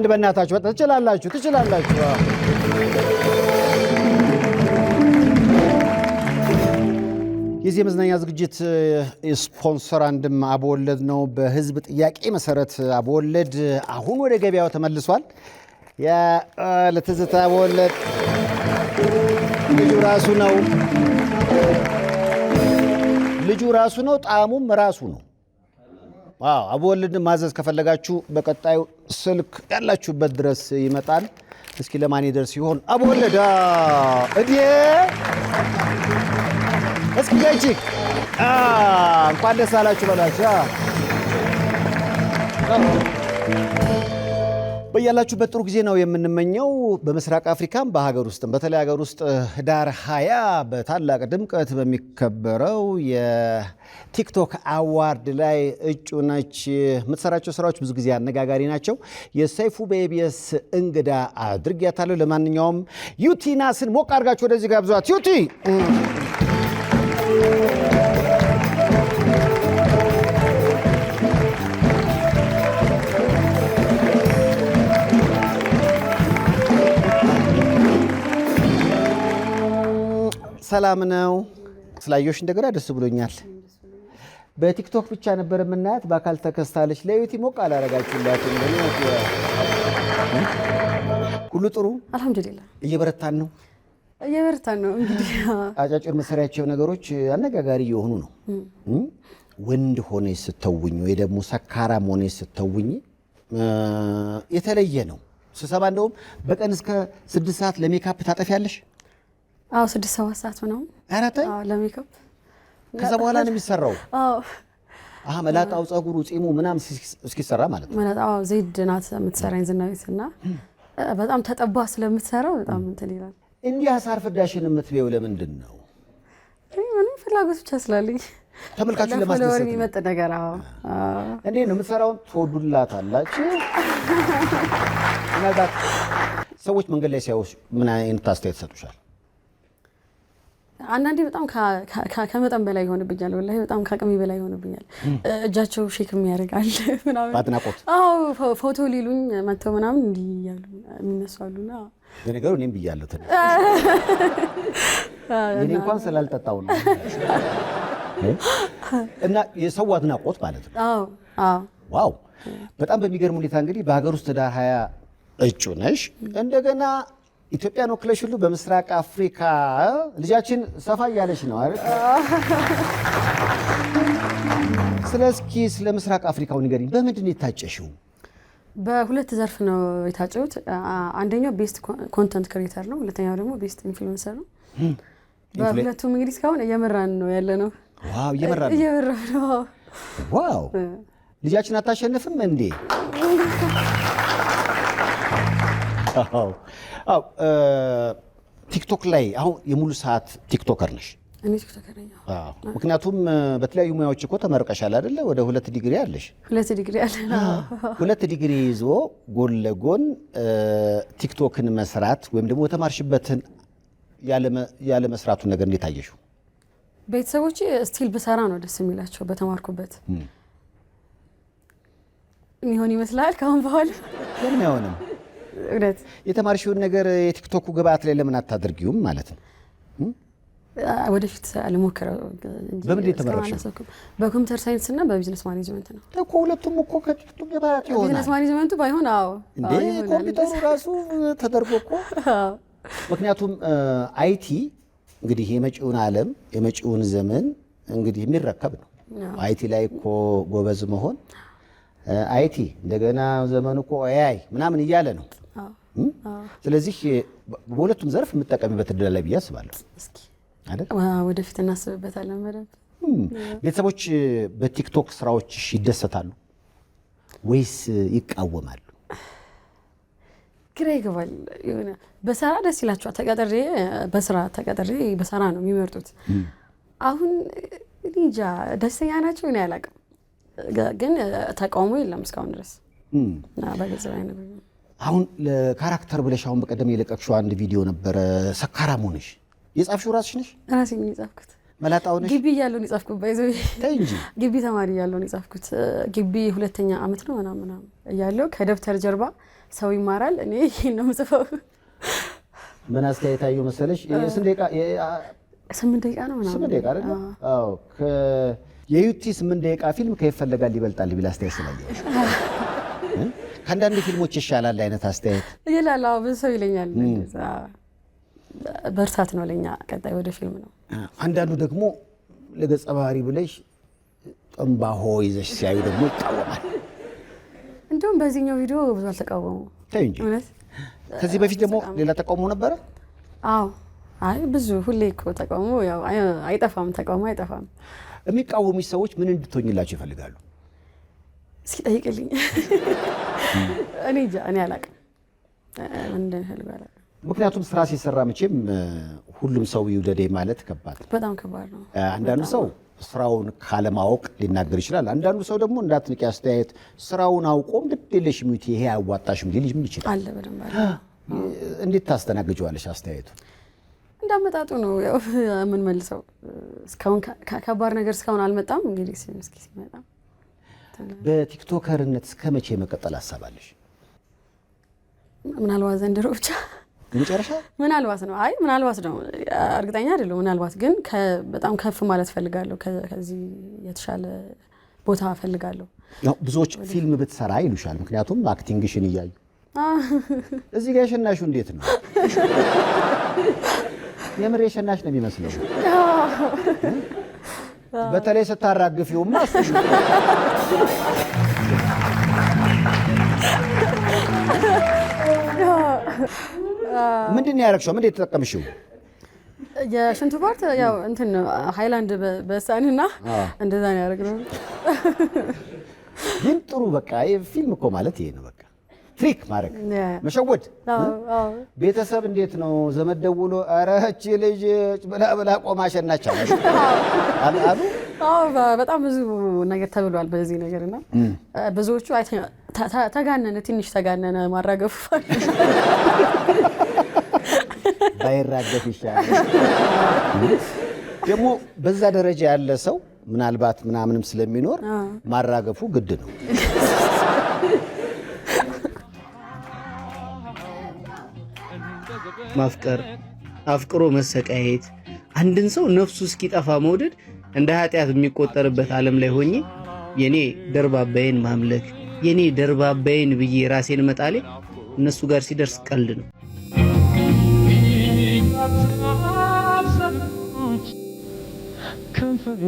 አንድ በእናታችሁ ትችላላችሁ፣ ትችላላችሁ። የዚህ የመዝናኛ ዝግጅት ስፖንሰር አንድም አቦወለድ ነው። በህዝብ ጥያቄ መሰረት አቦወለድ አሁን ወደ ገበያው ተመልሷል። ለትዝታ አቦወለድ ልጁ ራሱ ነው፣ ልጁ ራሱ ነው፣ ጣዕሙም ራሱ ነው። ወልድን ማዘዝ ከፈለጋችሁ በቀጣዩ ስልክ ያላችሁበት ድረስ ይመጣል። እስኪ ለማን ይደርስ ይሆን? አበወልድ እድዬ እስኪ ገጂ እንኳን ደስ አላችሁ በያላችሁበት ጥሩ ጊዜ ነው የምንመኘው። በምስራቅ አፍሪካም በሀገር ውስጥም በተለይ ሀገር ውስጥ ህዳር ሀያ በታላቅ ድምቀት በሚከበረው የቲክቶክ አዋርድ ላይ እጩ ነች። የምትሰራቸው ስራዎች ብዙ ጊዜ አነጋጋሪ ናቸው። የሰይፉ በኢቢኤስ እንግዳ አድርጊያታለሁ። ለማንኛውም ዩቲ ናስን ሞቅ አድርጋችሁ ወደዚህ ጋብዟት ዩቲ ሰላም ነው። ስላየሽ እንደገና ደስ ብሎኛል። በቲክቶክ ብቻ ነበር የምናያት፣ በአካል ተከስታለች። ለዩቲ ሞቅ አላረጋችሁላት? ሁሉ ጥሩ አልሐምዱሊላ። እየበረታን ነው እየበረታን ነው። እንግዲህ አጫጭር መሰሪያቸው ነገሮች አነጋጋሪ እየሆኑ ነው። ወንድ ሆነ ስተውኝ ወይ ደግሞ ሰካራም ሆነ ስተውኝ የተለየ ነው ስሰባ። እንደውም በቀን እስከ ስድስት ሰዓት ለሜካፕ ታጠፊያለሽ አዎ ስድስት ሰባት ሰዓት ምናምን ለሜካፕ ከዛ በኋላ ነው የሚሰራው። መላጣው ጸጉሩ፣ ጺሙ ምናምን እስኪሰራ ማለት ነው። መላጣው ዜድ ናት የምትሰራኝ ዝናቤት እና በጣም ተጠባ ስለምትሰራው በጣም እንትን ይላል። እንዲህ አሳር ፍዳሽን የምትበይው ለምንድን ነው? ምንም ፍላጎት ብቻ ስላለኝ ተመልካቹን ለማስደሰት የሚመጥ ነገር። አዎ እንዴ ነው የምትሰራውን ትወዱላት አላችሁ? ምናልባት ሰዎች መንገድ ላይ ሲያዩሽ ምን አይነት አስተያየት ይሰጡሻል? አንዳንዴ በጣም ከመጠን በላይ ይሆንብኛል፣ ወላ በጣም ከአቅሚ በላይ ይሆንብኛል። እጃቸው ሼክ የሚያደርጋል ምናምን ፎቶ ሊሉኝ መጥተው ምናምን እንዲህ እያሉ የሚነሱ ለነገሩ እኔም ብያለሁ እኔ እንኳን ስላልጠጣው ነው። እና የሰው አድናቆት ማለት ነው። ዋው በጣም በሚገርም ሁኔታ እንግዲህ በሀገር ውስጥ ዳር ሀያ እጩ ነሽ እንደገና ኢትዮጵያን ወክለሽ ሁሉ በምስራቅ አፍሪካ ልጃችን ሰፋ እያለች ነው አይደል? ስለ እስኪ ስለ ምስራቅ አፍሪካው ንገሪኝ። በምንድን ነው የታጨሽው? በሁለት ዘርፍ ነው የታጨሁት። አንደኛው ቤስት ኮንተንት ክሬተር ነው፣ ሁለተኛው ደግሞ ቤስት ኢንፍሉንሰር ነው። በሁለቱም እንግዲህ እስካሁን እየመራን ነው ያለ ነው። እየመራን ነው። ዋው ልጃችን አታሸንፍም እንዴ? ቲክቶክ ላይ አሁን የሙሉ ሰዓት ቲክቶከር ነሽ? እኔ ቲክቶከር ነኝ። አዎ ምክንያቱም በተለያዩ ሙያዎች እኮ ተመርቀሻል አይደለ? ወደ ሁለት ዲግሪ አለሽ። ሁለት ዲግሪ አለ። ሁለት ዲግሪ ይዞ ጎን ለጎን ቲክቶክን መስራት ወይም ደግሞ የተማርሽበትን ያለ መስራቱን ነገር እንዴት አየሽው? ቤተሰቦች ስቲል ብሰራ ነው ደስ የሚላቸው በተማርኩበት ይሆን ይመስላል። ከአሁን በኋላ ለምን አይሆንም? የተማርሽውን ነገር የቲክቶኩ ግብአት ላይ ለምን አታደርጊውም ማለት ነው? ወደፊት አልሞክረው። በምንድን በኮምፒውተር ሳይንስ እና በቢዝነስ ማኔጅመንት ነው እኮ። ሁለቱም እኮ ግብአት ይሆናል። ቢዝነስ ማኔጅመንቱ ባይሆን አዎ፣ እንዴ ኮምፒውተሩ ራሱ ተደርጎ እኮ ምክንያቱም አይቲ እንግዲህ የመጪውን ዓለም የመጪውን ዘመን እንግዲህ የሚረከብ ነው። አይቲ ላይ እኮ ጎበዝ መሆን አይቲ እንደገና ዘመኑ እኮ ኤአይ ምናምን እያለ ነው ስለዚህ በሁለቱም ዘርፍ የምጠቀምበት እድል አለ ብዬ አስባለሁ። ወደፊት እናስብበታለን በደንብ። ቤተሰቦች በቲክቶክ ስራዎች ይደሰታሉ ወይስ ይቃወማሉ? ግራ ይገባል። የሆነ በሰራ ደስ ይላቸዋል። ተቀጥሬ በስራ ተቀጥሬ በሰራ ነው የሚመርጡት። አሁን እንጃ ደስተኛ ናቸው እኔ አላውቅም፣ ግን ተቃውሞ የለም እስካሁን ድረስ በገጽ ላይ አሁን ለካራክተር ብለሽ አሁን በቀደም የለቀቅሽው አንድ ቪዲዮ ነበረ። ሰካራም ሆነሽ የጻፍሽው ራስሽ ነሽ? ራሴ ነኝ የጻፍኩት። መላጣ ሆነሽ ግቢ እያለሁ የጻፍኩት ባይዘ እንጂ ግቢ ተማሪ እያለሁ የጻፍኩት ግቢ ሁለተኛ ዓመት ነው ምናምን ምናምን እያለሁ ከደብተር ጀርባ ሰው ይማራል። እኔ ይሄን ነው የምጽፈው። ምን አስተያየት አየሁ መሰለሽ? ስምንት ደቂቃ ነው ስምንት ደቂቃ አይደል? አዎ። የዩቲ ስምንት ደቂቃ ፊልም ከይፈለጋል ይበልጣል ቢል አስተያየት ስላየሽ ከአንዳንድ ፊልሞች ይሻላል አይነት አስተያየት ይላል። ብዙ ሰው ይለኛል። በእርሳት ነው ለኛ ቀጣይ ወደ ፊልም ነው። አንዳንዱ ደግሞ ለገጸ ባህሪ ብለሽ ጥንባሆ ይዘሽ ሲያዩ ደግሞ ይቃወማል። እንዲሁም በዚህኛው ቪዲዮ ብዙ አልተቃወሙ። ከዚህ በፊት ደግሞ ሌላ ተቃውሞ ነበረ? አዎ አይ ብዙ ሁሌ እኮ ተቃውሞ ያው አይጠፋም፣ ተቃውሞ አይጠፋም። የሚቃወሙ ሰዎች ምን እንድትሆኝላቸው ይፈልጋሉ? እስኪ ጠይቅልኝ። እኔ እንጃ እኔ አላውቅም። ምክንያቱም ስራ ሲሰራ መቼም ሁሉም ሰው ይውደዴ ማለት ከባድ ነው፣ በጣም ከባድ ነው። አንዳንዱ ሰው ስራውን ካለማወቅ ሊናገር ይችላል። አንዳንዱ ሰው ደግሞ እንዳትንቂ አስተያየት ስራውን አውቆም ግድ የለሽም ሚት ይሄ አያዋጣሽም ሊል ይችላል። እንዴት ታስተናግጀዋለሽ አስተያየቱ? እንዳመጣጡ ነው ያው የምንመልሰው። እስካሁን ከባድ ነገር እስካሁን አልመጣም። እንግዲህ እስኪ ሲመጣ በቲክቶከርነት እስከ መቼ መቀጠል አሳባለሽ? ምናልባት ዘንድሮ ብቻ መጨረሻ ምናልባት ነው። አይ ምናልባት ነው፣ እርግጠኛ አይደለሁ። ምናልባት ግን በጣም ከፍ ማለት ፈልጋለሁ። ከዚህ የተሻለ ቦታ ፈልጋለሁ። ብዙዎች ፊልም ብትሰራ ይሉሻል፣ ምክንያቱም አክቲንግሽን እያዩ። እዚህ ጋር የሸናሹ እንዴት ነው? የምር የሸናሽ ነው የሚመስለው፣ በተለይ ስታራግፊውማ ምንድን ነው ያደረግሽው? ምንድን የተጠቀምሽው? የሽንቱ ፓርት ያው እንትን ሃይላንድ በሳንና እንደዛ ነው ያደረግነው። ግን ጥሩ በቃ ፊልም እኮ ማለት ይሄ ነው። ትሪክ ማድረግ መሸወድ። ቤተሰብ እንዴት ነው? ዘመድ ደውሎ ኧረ እቺ ልጅ ብላ ብላ ቆማ ሸናች አሉ። በጣም ብዙ ነገር ተብሏል በዚህ ነገር እና ብዙዎቹ ተጋነነ፣ ትንሽ ተጋነነ ማራገፉ ባይራገፍ ይሻላል። ደግሞ በዛ ደረጃ ያለ ሰው ምናልባት ምናምንም ስለሚኖር ማራገፉ ግድ ነው። ማፍቀር፣ አፍቅሮ መሰቃየት፣ አንድን ሰው ነፍሱ እስኪጠፋ መውደድ እንደ ኃጢአት የሚቆጠርበት ዓለም ላይ ሆኜ የኔ ደርባባዬን ማምለክ የኔ ደርባባዬን ብዬ ራሴን መጣሌ እነሱ ጋር ሲደርስ ቀልድ ነው። ከንፈሩ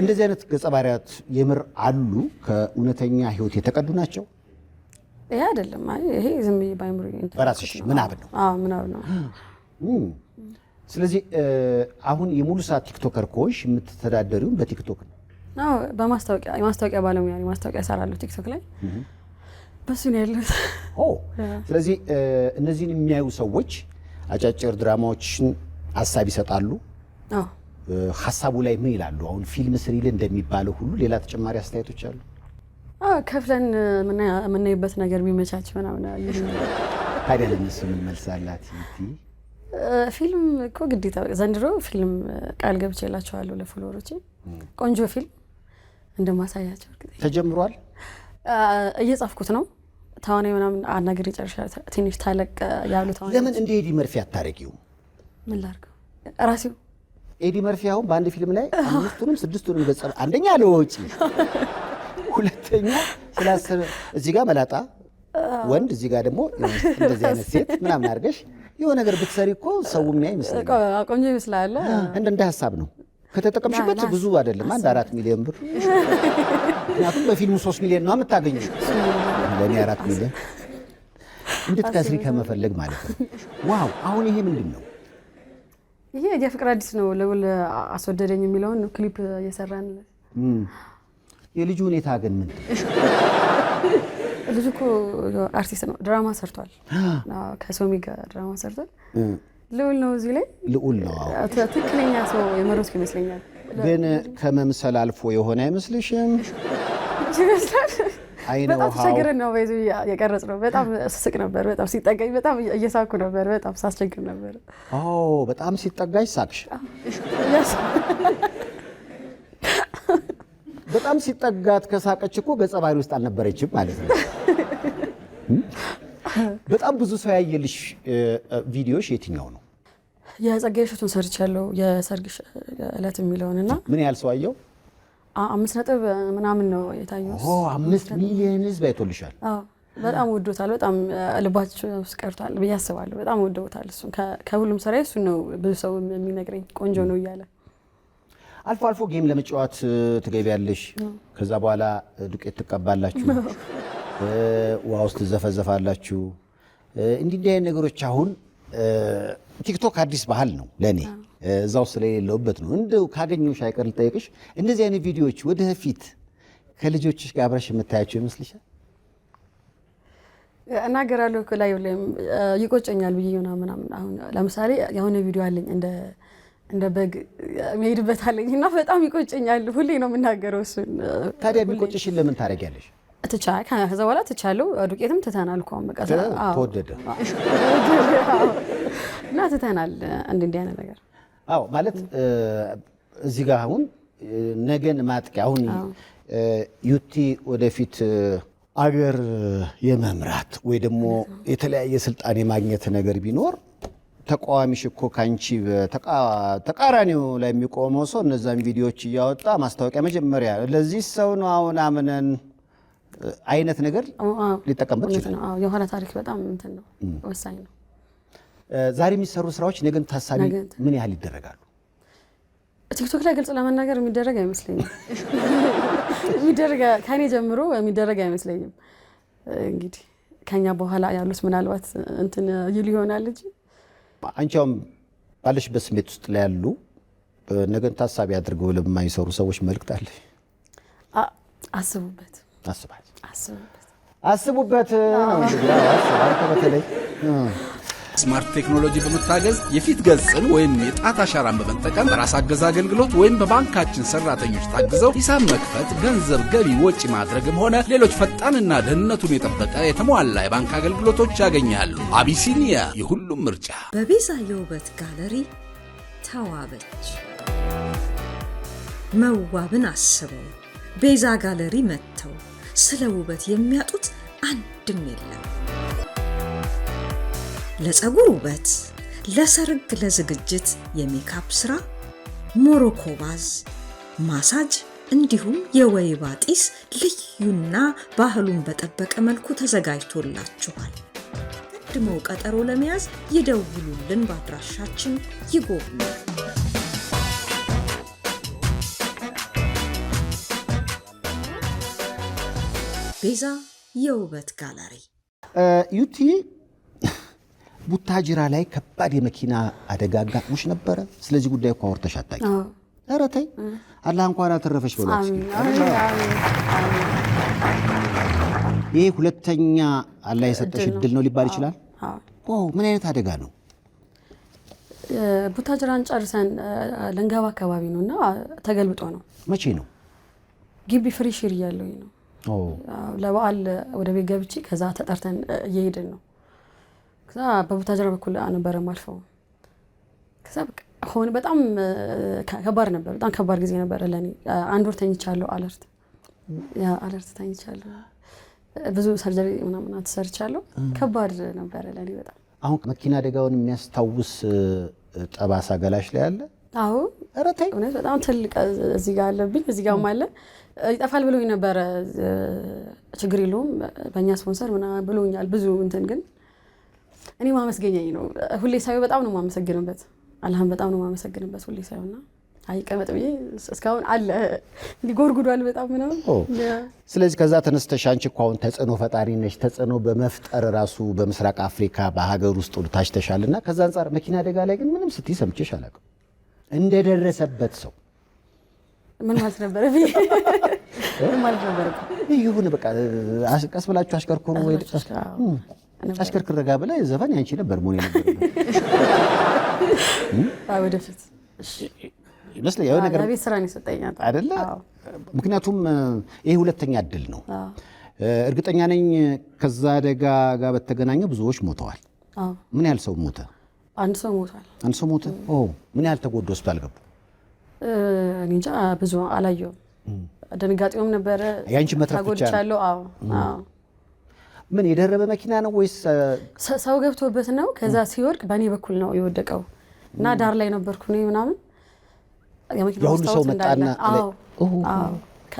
እንደዚህ አይነት ገጸ ባህሪያት የምር አሉ? ከእውነተኛ ህይወት የተቀዱ ናቸው? ይሄ አይደለም። ይሄ ዝም ብዬ ባይምሩ በራስሽ ምናምን ነው ምናምን ነው። ስለዚህ አሁን የሙሉ ሰዓት ቲክቶከር ከሆንሽ የምትተዳደሪው በቲክቶክ ነው? አዎ፣ በማስታወቂያ የማስታወቂያ ባለሙያ ማስታወቂያ እሰራለሁ ቲክቶክ ላይ በሱ ነው ያለሁት። ስለዚህ እነዚህን የሚያዩ ሰዎች አጫጭር ድራማዎችን ሀሳብ ይሰጣሉ ሀሳቡ ላይ ምን ይላሉ? አሁን ፊልም ስሪል እንደሚባለው ሁሉ ሌላ ተጨማሪ አስተያየቶች አሉ። ከፍለን የምናይበት ነገር ቢመቻች ምናምን ታዲያ ለነሱ ምን መልስ ፊልም እኮ ግዴታ ዘንድሮ ፊልም ቃል ገብቼላቸዋለሁ ለፎሎወሮቼ ቆንጆ ፊልም እንደማሳያቸው ተጀምሯል። እየጻፍኩት ነው። ተዋናይ ምናምን ነገር የጨርሻ ትንሽ ታለቅ ያሉ ለምን እንደ ሄዲ መርፌ አታረጊው? ምን ላርገው ራሴው ኤዲ መርፊ አሁን በአንድ ፊልም ላይ አምስቱንም ስድስቱንም ገጸ አንደኛ ለወጪ፣ ሁለተኛ ስላስር እዚህ ጋር መላጣ ወንድ እዚህ ጋር ደግሞ እንደዚህ አይነት ሴት ምናምን አድርገሽ የሆነ ነገር ብትሰሪ እኮ ሰው የሚያ ይመስለኛል። ይመስላለ እንደ እንደ ሀሳብ ነው ከተጠቀምሽበት ብዙ አይደለም፣ አንድ አራት ሚሊዮን ብር። ምክንያቱም በፊልሙ ሶስት ሚሊዮን ነው የምታገኙ፣ ለእኔ አራት ሚሊዮን እንድትከስሪ ከመፈለግ ማለት ነው። ዋው! አሁን ይሄ ምንድን ነው? ይሄ የፍቅር አዲስ ነው ልዑል አስወደደኝ የሚለውን ክሊፕ እየሰራን የልጁ ሁኔታ ግን ምን ልጁ እኮ አርቲስት ነው ድራማ ሰርቷል ከሶሚ ጋር ድራማ ሰርቷል ልዑል ነው እዚህ ላይ ልዑል ነው ትክክለኛ ሰው የመረስኩ ይመስለኛል ግን ከመምሰል አልፎ የሆነ አይመስልሽም ይመስላል በጣም ተቸግረን ነው ይዞ የቀረጽ ነው። በጣም ስስቅ ነበር። በጣም ሲጠጋኝ በጣም እየሳኩ ነበር። በጣም ሳስቸግር ነበር። በጣም ሲጠጋሽ ሳቅሽ? በጣም ሲጠጋት ከሳቀች እኮ ገጸ ባህሪ ውስጥ አልነበረችም ማለት ነው። በጣም ብዙ ሰው ያየልሽ ቪዲዮሽ የትኛው ነው? የጸጋዬ እሸቱን ሰርቻለሁ፣ የሰርግ ዕለት የሚለውን እና ምን ያህል ሰው አየው? አምስት ነጥብ ምናምን ነው የታየው። አምስት ሚሊዮን ህዝብ አይቶልሻል። በጣም ወዶታል። በጣም ልባችን ውስጥ ቀርቷል ብዬ አስባለሁ። በጣም ወደውታል። እሱን ከሁሉም ስራ እሱ ነው። ብዙ ሰው የሚነግረኝ ቆንጆ ነው እያለ አልፎ አልፎ ጌም ለመጫወት ትገቢያለሽ። ከዛ በኋላ ዱቄት ትቀባላችሁ፣ ውሃ ውስጥ ትዘፈዘፋላችሁ። እንዲህ እንዲህ ነገሮች አሁን ቲክቶክ አዲስ ባህል ነው ለእኔ እዛው ስለሌለውበት ነው። እንደው ካገኘሁሽ አይቀር ልጠይቅሽ፣ እንደዚህ አይነት ቪዲዮዎች ወደፊት ከልጆችሽ ጋር አብረሽ የምታያቸው ይመስልሻል? እናገራለሁ እኮ ላይ ይቆጨኛል ብዬ ሆና ምናምን። አሁን ለምሳሌ የሆነ ቪዲዮ አለኝ እንደ እንደ በግ የሚሄድበት አለኝ እና በጣም ይቆጨኛል። ሁሌ ነው የምናገረው እሱን። ታዲያ የሚቆጭሽን ለምን ታደርጊያለሽ? ትቻ ከዛ በኋላ ትቻለሁ። ዱቄትም ትተናል እኮ በቃ ተወደደ እና ትተናል እንዲህ እንዲህ አይነት ነገር አዎ ማለት እዚህ ጋር አሁን ነገን ማጥቂያ አሁን ዩቲ ወደፊት አገር የመምራት ወይ ደግሞ የተለያየ ስልጣን የማግኘት ነገር ቢኖር ተቃዋሚ ሽኮ ከአንቺ ተቃራኒው ላይ የሚቆመው ሰው እነዛን ቪዲዮዎች እያወጣ ማስታወቂያ መጀመሪያ ለዚህ ሰው ነው አሁን አምነን አይነት ነገር ሊጠቀምበት ይችላል። የሆነ ታሪክ በጣም እንትን ነው ወሳኝ ነው። ዛሬ የሚሰሩ ስራዎች ነገን ታሳቢ ምን ያህል ይደረጋሉ? ቲክቶክ ላይ ግልጽ ለመናገር የሚደረግ አይመስለኝም። ከኔ ጀምሮ የሚደረግ አይመስለኝም። እንግዲህ ከኛ በኋላ ያሉት ምናልባት እንትን ይሉ ይሆናል እንጂ አንቺ ባለሽ በስሜት ስሜት ውስጥ ላይ ያሉ ነገን ታሳቢ አድርገው ለማይሰሩ ሰዎች መልእክት አለ? አስቡበት፣ አስቡበት፣ አስቡበት። በተለይ ስማርት ቴክኖሎጂ በመታገዝ የፊት ገጽን ወይም የጣት አሻራን በመጠቀም በራስ አገዝ አገልግሎት ወይም በባንካችን ሰራተኞች ታግዘው ሂሳብ መክፈት፣ ገንዘብ ገቢ ወጪ ማድረግም ሆነ ሌሎች ፈጣንና ደህንነቱን የጠበቀ የተሟላ የባንክ አገልግሎቶች ያገኛሉ። አቢሲኒያ የሁሉም ምርጫ። በቤዛ የውበት ጋለሪ ተዋበች። መዋብን አስበው ቤዛ ጋለሪ መጥተው ስለ ውበት የሚያጡት አንድም የለም። ለፀጉር ውበት፣ ለሰርግ፣ ለዝግጅት የሜካፕ ስራ፣ ሞሮኮባዝ፣ ማሳጅ እንዲሁም የወይባ ጢስ ልዩና ባህሉን በጠበቀ መልኩ ተዘጋጅቶላችኋል። ቀድመው ቀጠሮ ለመያዝ ይደውሉልን፣ በአድራሻችን ይጎብኙ። ቤዛ የውበት ጋለሪ ዩቲ ቡታጅራ ላይ ከባድ የመኪና አደጋ አጋጥሞሽ ነበረ። ስለዚህ ጉዳይ እኮ አውርተሽ አታቂ። ኧረ ተይ አላህ እንኳን አተረፈሽ በሏት። ይሄ ሁለተኛ አላህ የሰጠሽ እድል ነው ሊባል ይችላል። ምን አይነት አደጋ ነው? ቡታጅራን ጨርሰን ለንገባ አካባቢ ነው እና ተገልብጦ ነው። መቼ ነው? ግቢ ፍሪ ሽር እያለሁኝ ነው። ለበዓል ወደ ቤት ገብቼ ከዛ ተጠርተን እየሄድን ነው ከዛ በቡታጅራ በኩል ነበረ ማልፈው። ከዛ ሆን በጣም ከባድ ነበር። በጣም ከባድ ጊዜ ነበረ ለእኔ። አንድ ወር ተኝቻለሁ። አለርት አለርት ተኝቻለሁ። ብዙ ሰርጀሪ ምናምን ተሰርቻለሁ። ከባድ ነበረ ለእኔ በጣም። አሁን መኪና አደጋውን የሚያስታውስ ጠባሳ ገላሽ ላይ አለ? አዎ ረታይ እውነት በጣም ትልቅ እዚህ ጋር አለብኝ፣ እዚህ ጋርም አለ። ይጠፋል ብሎኝ ነበረ። ችግር የለውም በእኛ ስፖንሰር ምናምን ብሎኛል ብዙ እንትን ግን እኔ ማመስገኛኝ ነው። ሁሌ ሳየው በጣም ነው ማመሰግንበት፣ አላህም በጣም ነው ማመሰግንበት ሁሌ ሳየው እና አይቀመጥ ብዬ እስካሁን አለ ሊጎርጉዷል በጣም ነው። ስለዚህ ከዛ ተነስተሽ አንቺ እኮ አሁን ተጽዕኖ ፈጣሪ ነሽ። ተጽዕኖ በመፍጠር ራሱ በምስራቅ አፍሪካ በሀገር ውስጥ ሁሉ ታሽተሻል። እና ከዛ አንጻር መኪና አደጋ ላይ ግን ምንም ስትይ ሰምቼሽ አላውቅም። እንደደረሰበት ሰው ምን ማለት ነበረ? ምን ማለት ነበረ? ይሁን በቃ ቀስ ብላችሁ አሽከርክሩ ወይ አሽከርክር ረጋ ብለህ ዘፈን ያንቺ ነበር መሆን የነበረበት ወደፊት ይመስለኛል የሆነ ነገር ቤት ስራ ነው ይሰጠኛል አይደለ? ምክንያቱም ይሄ ሁለተኛ እድል ነው። እርግጠኛ ነኝ ከዛ አደጋ ጋር በተገናኘ ብዙዎች ሞተዋል። ምን ያህል ሰው ሞተ? አንድ ሰው ሞቷል። አንድ ሰው ሞተ። ምን ያህል ተጎዶ ሆስፒታል ገቡ? እንጃ ብዙ አላየሁም። ድንጋጤውም ነበረ። ያንቺ መትረፍ ብቻ ነው። ምን የደረበ መኪና ነው ወይስ ሰው ገብቶበት ነው? ከዛ ሲወድቅ በእኔ በኩል ነው የወደቀው እና ዳር ላይ ነበርኩ እኔ ምናምን የሁሉ ሰው መጣና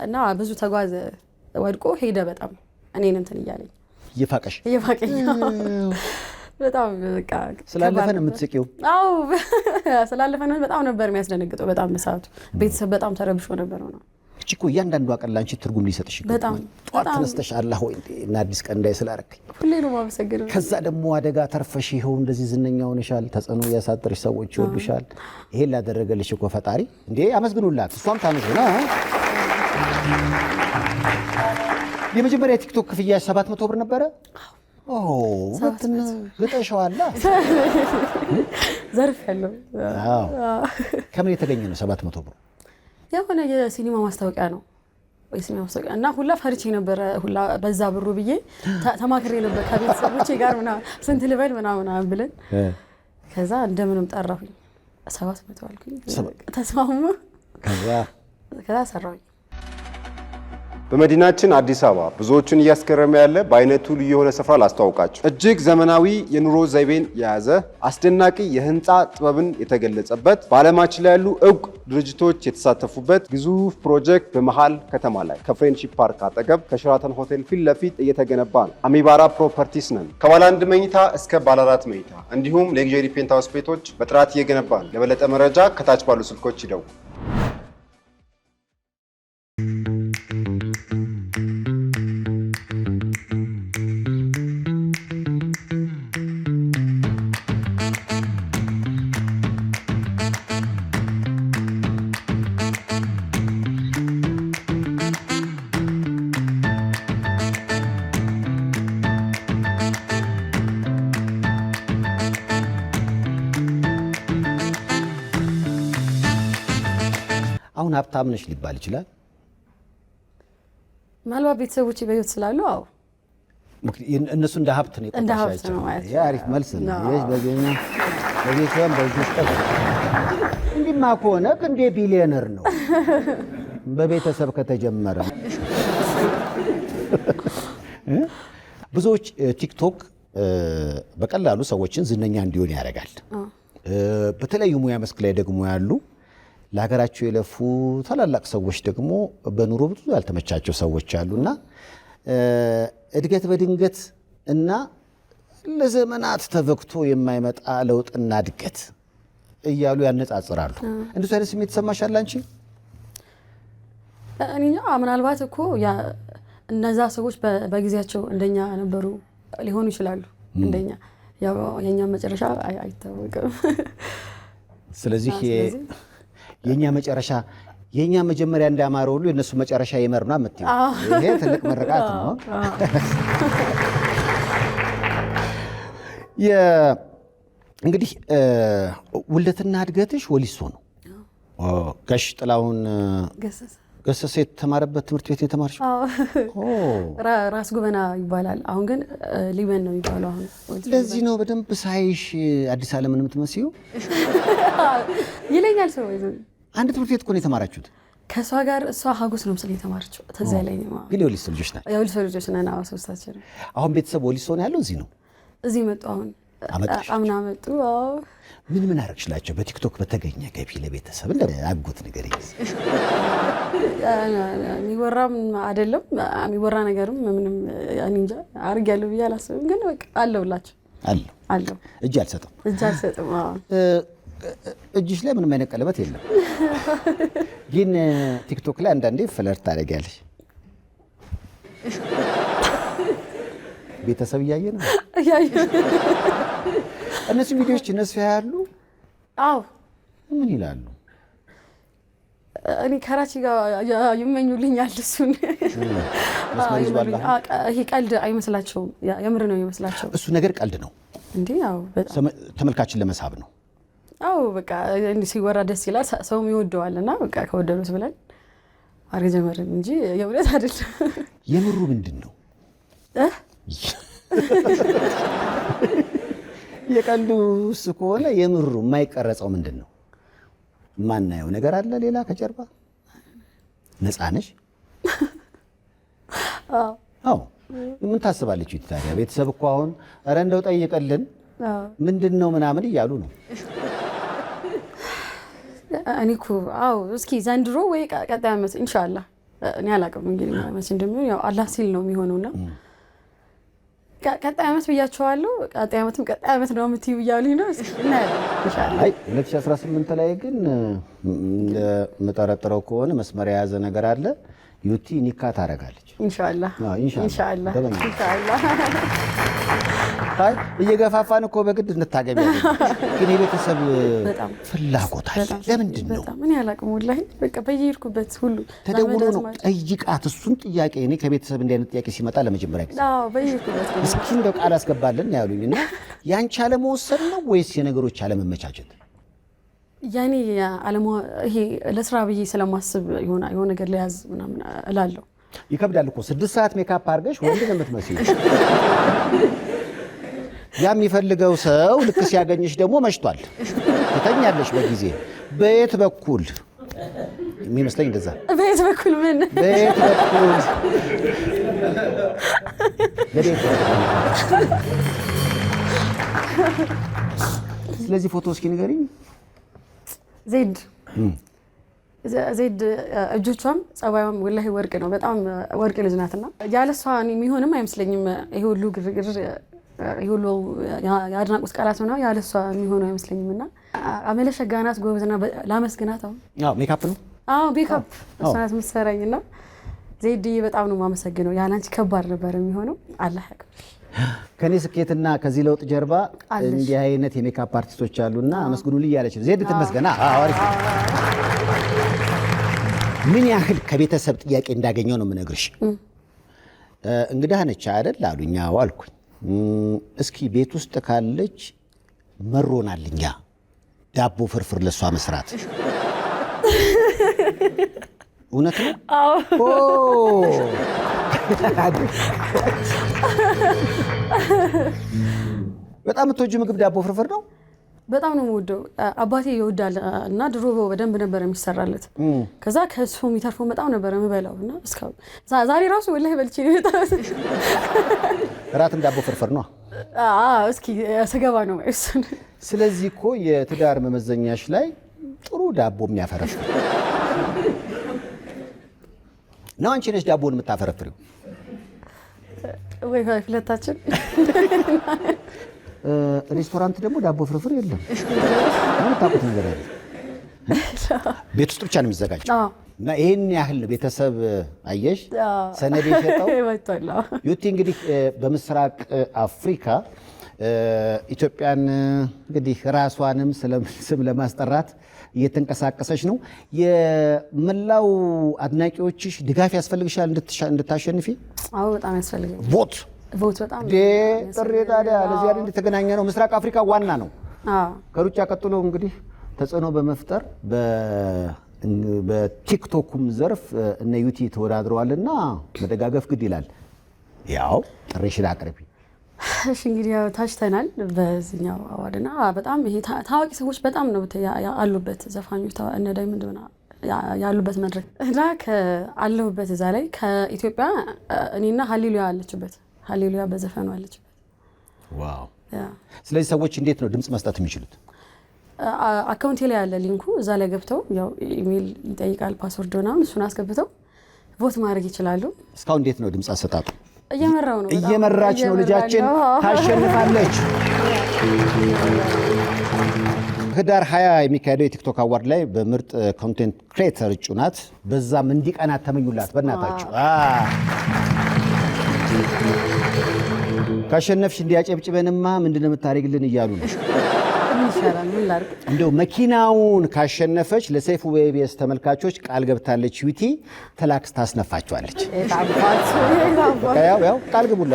እና ብዙ ተጓዘ። ወድቆ ሄደ። በጣም እኔን እንትን እያለኝ እየፋቀሽ እየፋቀኝ በጣም በቃ የምትስቂው? አዎ በጣም ነበር የሚያስደነግጠው። በጣም በሰዓቱ ቤተሰብ በጣም ተረብሾ ነበር ነው እቺ እኮ እያንዳንዷ ቀን ላንቺ ትርጉም ሊሰጥሽ ጠዋት ተነስተሽ አላህ ሆይ እና አዲስ ቀን እንዳይ ስላረክኝ ሁሌ ነው ማመሰግን። ከዛ ደግሞ አደጋ ተርፈሽ ይኸው እንደዚህ ዝነኛ ሆነሻል። ተጽዕኖ ያሳጥርሽ፣ ሰዎች ይወዱሻል። ይሄን ላደረገልሽ እኮ ፈጣሪ እንዴ አመስግኑላት። እሷም ታመስግና። የመጀመሪያ የቲክቶክ ክፍያ ሰባት መቶ ብር ነበረ። ግጠሸዋላ ዘርፍ ያለው ከምን የተገኘ ነው ሰባት መቶ ብር? የሆነ የሲኒማ ማስታወቂያ ነው የሲኒማ ማስታወቂያ እና ሁላ ፈርቼ ነበረ ሁላ በዛ ብሩ ብዬ ተማክሬ ነበር ከቤተሰቦቼ ጋር ስንት ልበል ምናምን ብለን ከዛ እንደምንም ጠራሁኝ ሰባት መቶ አልኩኝ ተስማሙ ከዛ ሰራሁኝ በመዲናችን አዲስ አበባ ብዙዎቹን እያስገረመ ያለ በአይነቱ ልዩ የሆነ ስፍራ ላስተዋውቃችሁ። እጅግ ዘመናዊ የኑሮ ዘይቤን የያዘ አስደናቂ የህንፃ ጥበብን የተገለጸበት በዓለማችን ላይ ያሉ እውቅ ድርጅቶች የተሳተፉበት ግዙፍ ፕሮጀክት በመሃል ከተማ ላይ ከፍሬንድሺፕ ፓርክ አጠገብ ከሸራተን ሆቴል ፊት ለፊት እየተገነባ ነው። አሚባራ ፕሮፐርቲስ ነን። ከባለ አንድ መኝታ እስከ ባለ አራት መኝታ እንዲሁም ሌግሪ ፔንታውስ ቤቶች በጥራት እየገነባ ነው። ለበለጠ መረጃ ከታች ባሉ ስልኮች ይደውሉ። አሁን ሀብታም ነሽ ሊባል ይችላል። ምናልባት ቤተሰቦች በህይወት ስላሉ አዎ፣ እነሱ እንደ ሀብት ነው የቆጠርሻቸው። አሪፍ መልስ ነው። በቤተሰብ በዚህ ስጠት እንዲማ ከሆነ እንዴ ቢሊዮነር ነው በቤተሰብ ከተጀመረ። ብዙዎች ቲክቶክ በቀላሉ ሰዎችን ዝነኛ እንዲሆን ያደርጋል። በተለያዩ ሙያ መስክ ላይ ደግሞ ያሉ ለሀገራቸው የለፉ ታላላቅ ሰዎች ደግሞ በኑሮ ብዙ ያልተመቻቸው ሰዎች አሉ እና እድገት በድንገት እና ለዘመናት ተበክቶ የማይመጣ ለውጥና እድገት እያሉ ያነጻጽራሉ። እንደሱ አይነት ስሜት ተሰማሻል አንቺ? ምናልባት እኮ እነዛ ሰዎች በጊዜያቸው እንደኛ ነበሩ ሊሆኑ ይችላሉ። እንደኛ የእኛ መጨረሻ አይታወቅም። ስለዚህ የእኛ መጨረሻ የእኛ መጀመሪያ እንዳማረ ሁሉ የእነሱ መጨረሻ ይመር ነው የምትይው። ይሄ ትልቅ ምርቃት ነው። እንግዲህ ውልደትና እድገትሽ ወሊሶ ነው። ጋሽ ጥላሁን ገሰሰ የተማረበት ትምህርት ቤት የተማርሽው ራስ ጉበና ይባላል። አሁን ግን ሊበን ነው የሚባለው። አሁን ለዚህ ነው በደንብ ሳይሽ አዲስ አለምን የምትመስዪው ይለኛል ሰው አንድ ትምህርት ቤት እኮ ነው የተማራችሁት? ከእሷ ጋር እሷ ሀጎስ ነው ምስል የተማረችው። ተዚያ ላይ ግን የወሊሶ ልጆች ናቸው። የወሊሶ ልጆች ነን ሶስታችን። አሁን ቤተሰብ ወሊሶ ነው ያለው? እዚህ ነው እዚህ መጡ። አሁን አምና መጡ። ምን ምን አረግሽላቸው? በቲክቶክ በተገኘ ገቢ ለቤተሰብ እንደ አጎት ነገር የሚወራም አይደለም የሚወራ ነገርም ምንም እንጃ አርግ ያለው ብዬ አላስብም። ግን በቃ አለሁላቸው አለው። አለሁ። እጅ አልሰጥም እጅ አልሰጥም እጅሽ ላይ ምንም አይነት ቀለበት የለም። ግን ቲክቶክ ላይ አንዳንዴ ፍለርት ታደርጊያለሽ። ቤተሰብ እያየ ነው። እነሱ ቪዲዮዎች እነሱ ያሉ። አዎ ምን ይላሉ? እኔ ከራቺ ጋር ይመኙልኛል። እሱን ይሄ ቀልድ አይመስላቸውም፣ የምር ነው ይመስላቸው። እሱ ነገር ቀልድ ነው እንዴ? ተመልካችን ለመሳብ ነው አዎ በቃ ሲወራ ደስ ይላል፣ ሰውም ይወደዋል። እና በቃ ከወደዱት ብለን አድርገን ጀመርን እንጂ የእውነት አይደለም። የምሩ ምንድን ነው የቀንዱ እሱ ከሆነ የምሩ የማይቀረጸው ምንድን ነው? የማናየው ነገር አለ ሌላ ከጀርባ ነፃ ነሽ? አዎ ምን ታስባለች ታዲያ? ቤተሰብ እኮ አሁን ኧረ እንደው ጠይቀልን ምንድን ነው ምናምን እያሉ ነው። እኔ እኮ አዎ፣ እስኪ ዘንድሮ ወይ ቀጣይ ዓመት እንሻላ እኔ አላቅም እንግዲህ መቼ እንደሚሆን ያው አላህ ሲል ነው የሚሆነውና ቀጣይ ዓመት ብያቸዋለሁ። ቀጣይ ዓመትም ቀጣይ ዓመት ነው የምትይው ብያሉኝ ነው። አይ 2018 ላይ ግን የምጠረጥረው ከሆነ መስመር የያዘ ነገር አለ። ዩቲ ኒካ ታደርጋለች ኢንሻላህ ኢንሻላህ። አይ እየገፋፋን እኮ በግድ እንታገቢ ያለ ግን የቤተሰብ ፍላጎት አለ። ለምንድን ነው ምን ያላቅሙ ላይ በቃ በየሄድኩበት ሁሉ ተደውሎ ነው ጠይቃት። እሱን ጥያቄ እኔ ከቤተሰብ እንዲህ አይነት ጥያቄ ሲመጣ ለመጀመሪያ ጊዜ እስኪ እንደው ቃል አስገባለን ያሉኝ እና ያንቺ አለመወሰን ነው ወይስ የነገሮች አለመመቻቸት? ያኔ ይሄ ለስራ ብዬ ስለማስብ የሆነ ነገር ለያዝ ምናምን እላለሁ። ይከብዳል እኮ ስድስት ሰዓት ሜካፕ አድርገሽ ወንድ ነው የምትመስለው። ያ የሚፈልገው ሰው ልክ ሲያገኝሽ ደግሞ መሽቷል፣ ትተኛለሽ በጊዜ በየት በኩል የሚመስለኝ እንደዛ በየት በኩል ምን በየት በኩል ስለዚህ ፎቶ እስኪ ንገሪኝ። ዜድ ዜድ እጆቿም ጸባዩም ወላሂ ወርቅ ነው። በጣም ወርቅ ልጅ ናትና ያለሷ የሚሆንም አይመስለኝም ይሄ ሁሉ ግርግር የሁሉ የአድናቆት ቃላት ምናምን ያለሷ የሚሆኑ አይመስለኝም። እና አመለሸ ጋናት ጎበዝና ላመስግናት። አሁን ሜካፕ ነው ሜካፕ እሷ ናት የምትሰራኝ እና ዜድዬ በጣም ነው የማመሰግነው። ያላንቺ ከባድ ነበር የሚሆነው። አላህ ያክብር። ከኔ ስኬትና ከዚህ ለውጥ ጀርባ እንዲህ አይነት የሜካፕ አርቲስቶች አሉና አመስግኑልኝ እያለች ነው ዜድ። ትመስገና። ምን ያህል ከቤተሰብ ጥያቄ እንዳገኘው ነው የምነግርሽ። እንግዳ ነች አይደል አሉኛ አልኩኝ እስኪ ቤት ውስጥ ካለች መሮናል እኛ ዳቦ ፍርፍር ለእሷ መስራት እውነት ነው። በጣም የምትወጂው ምግብ ዳቦ ፍርፍር ነው። በጣም ነው የምወደው። አባቴ ይወዳል እና ድሮ በደንብ ነበር የሚሰራለት። ከዛ ከሱ የሚተርፈው በጣም ነበር የምበላው እና እስካሁን ዛሬ ራሱ ወላሂ በልቼ እራት እንዳቦ ፍርፍር ነው። እስኪ ስገባ ነው እሱን። ስለዚህ እኮ የትዳር መመዘኛሽ ላይ ጥሩ ዳቦ የሚያፈረፍ ነው። አንቺ ነሽ ዳቦን የምታፈረፍሪው ወይ? ሁለታችን ሬስቶራንት ደግሞ ዳቦ ፍርፍር የለም። የምታውቁት ነገር አለ። ቤት ውስጥ ብቻ ነው የሚዘጋጀው። እና ይህን ያህል ቤተሰብ አየሽ፣ ሰነድ የሸጠው ዩቲ እንግዲህ በምስራቅ አፍሪካ ኢትዮጵያን እንግዲህ ራሷንም ስም ለማስጠራት እየተንቀሳቀሰች ነው። የመላው አድናቂዎችሽ ድጋፍ ያስፈልግሻል እንድታሸንፊ? አዎ በጣም ያስፈልግ ቦት ጥሪ ታዲያ ለዚያ እንደተገናኘ ነው። ምስራቅ አፍሪካ ዋና ነው። ከሩጫ ቀጥሎ እንግዲህ ተጽዕኖ በመፍጠር በቲክቶኩም ዘርፍ እነ ዩቲ ተወዳድረዋልና መደጋገፍ ግድ ይላል። ያው ጥሪሽን አቅርቢ። እሺ እንግዲህ ያው ታጭተናል በዚህኛው አዋርድና በጣም ይሄ ታዋቂ ሰዎች በጣም ነው ያሉበት ዘፋኞች እነ ዳይመንድ ያሉበት መድረክ እና አለሁበት እዛ ላይ ከኢትዮጵያ እኔና ሀሌሉያ አለችበት ሀሌሉያ በዘፈኑ አለችበት። ዋው! ስለዚህ ሰዎች እንዴት ነው ድምፅ መስጠት የሚችሉት? አካውንቴ ላይ ያለ ሊንኩ እዛ ላይ ገብተው ያው ኢሜል ይጠይቃል ፓስወርድ ምናምን እሱን አስገብተው ቮት ማድረግ ይችላሉ። እስካሁን እንዴት ነው ድምፅ አሰጣጡ? እየመራው ነው። እየመራች ነው። ልጃችን ታሸንፋለች። ህዳር ሀያ የሚካሄደው የቲክቶክ አዋርድ ላይ በምርጥ ኮንቴንት ክሬተር እጩ ናት። በዛም እንዲቀናት ተመኙላት በእናታችሁ። ካሸነፍሽ እንዲያጨብጭበንማ ምንድን ነው የምታደርግልን እያሉ ነው። እንደው መኪናውን ካሸነፈች ለሰይፉ ኢቢኤስ ተመልካቾች ቃል ገብታለች። ዩቲ ተላክስ ታስነፋቸዋለች። ቃል ግቡላ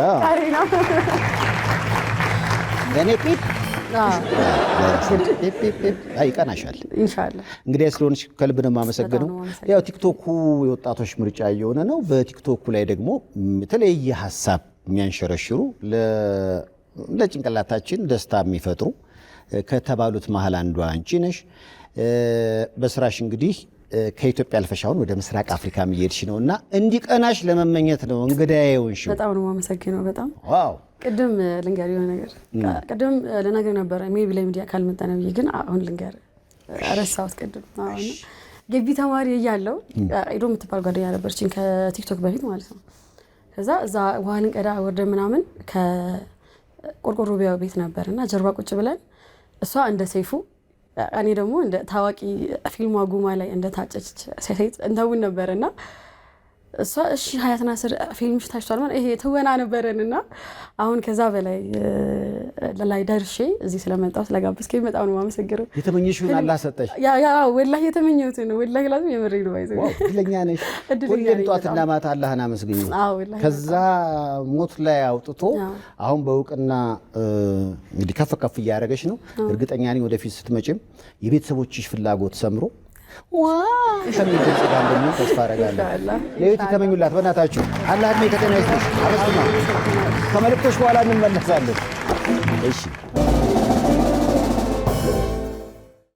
እኔ ይቀናሻል። እንግዲህ ስለሆነች ከልብ ነው የማመሰግነው። ያው ቲክቶኩ የወጣቶች ምርጫ እየሆነ ነው። በቲክቶኩ ላይ ደግሞ የተለየ ሀሳብ የሚያንሸረሽሩ ለጭንቅላታችን ደስታ የሚፈጥሩ ከተባሉት መሀል አንዷ አንቺ ነሽ። በስራሽ እንግዲህ ከኢትዮጵያ አልፈሽ አሁን ወደ ምስራቅ አፍሪካ እየሄድሽ ነው እና እንዲቀናሽ ለመመኘት ነው እንግዳዬ የሆንሽው። በጣም ነው የማመሰግነው። በጣም ዋው። ቅድም ልንገር የሆነ ነገር ቅድም ልነግርህ ነበረ ሜቢ ለሚዲያ ካልመጣ ነው ብዬ ግን አሁን ልንገር ረሳሁት። ቅድም ግቢ ተማሪ እያለሁ ኢዶ የምትባል ጓደኛ ነበረችኝ ከቲክቶክ በፊት ማለት ነው ከዛ እዛ ውሃ ልንቀዳ ወርደን ምናምን ከቆርቆሮ ቢያው ቤት ነበር እና ጀርባ ቁጭ ብለን እሷ እንደ ሰይፉ እኔ ደግሞ እንደ ታዋቂ ፊልሟ ጉማ ላይ እንደ ታጨች ሴት እንተውን ነበር እና እሷ እሺ ሀያትና ስር ፊልምሽ ታይቷል ማለት ይሄ ትወና ነበረን እና አሁን ከዛ በላይ ላይ ደርሼ እዚህ ስለመጣሁ ስለጋበዝከኝ በጣም ነው የማመሰግነው። የተመኘሽውን አላህ ሰጠሽ። ወላሂ የተመኘሁትን ወላሂ ላዝም የምሬ ነው። ይዘ እድለኛ ነሽ። ሁሌም ጧትና ማታ አላህን አመስግኙ። ከዛ ሞት ላይ አውጥቶ አሁን በእውቅና እንግዲህ ከፍ ከፍ እያደረገች ነው። እርግጠኛ ነኝ ወደፊት ስትመጪም የቤተሰቦችሽ ፍላጎት ሰምሮ ከሚል ድምፅ ጋር እንደሚሆን ተስፋ አደርጋለሁ። ለቤት የተመኙላት በእናታችሁ አላህ እድሜ ከጤና ይስጥሽ። አመስግና ከመልእክቶች በኋላ እንመለሳለን። እሺ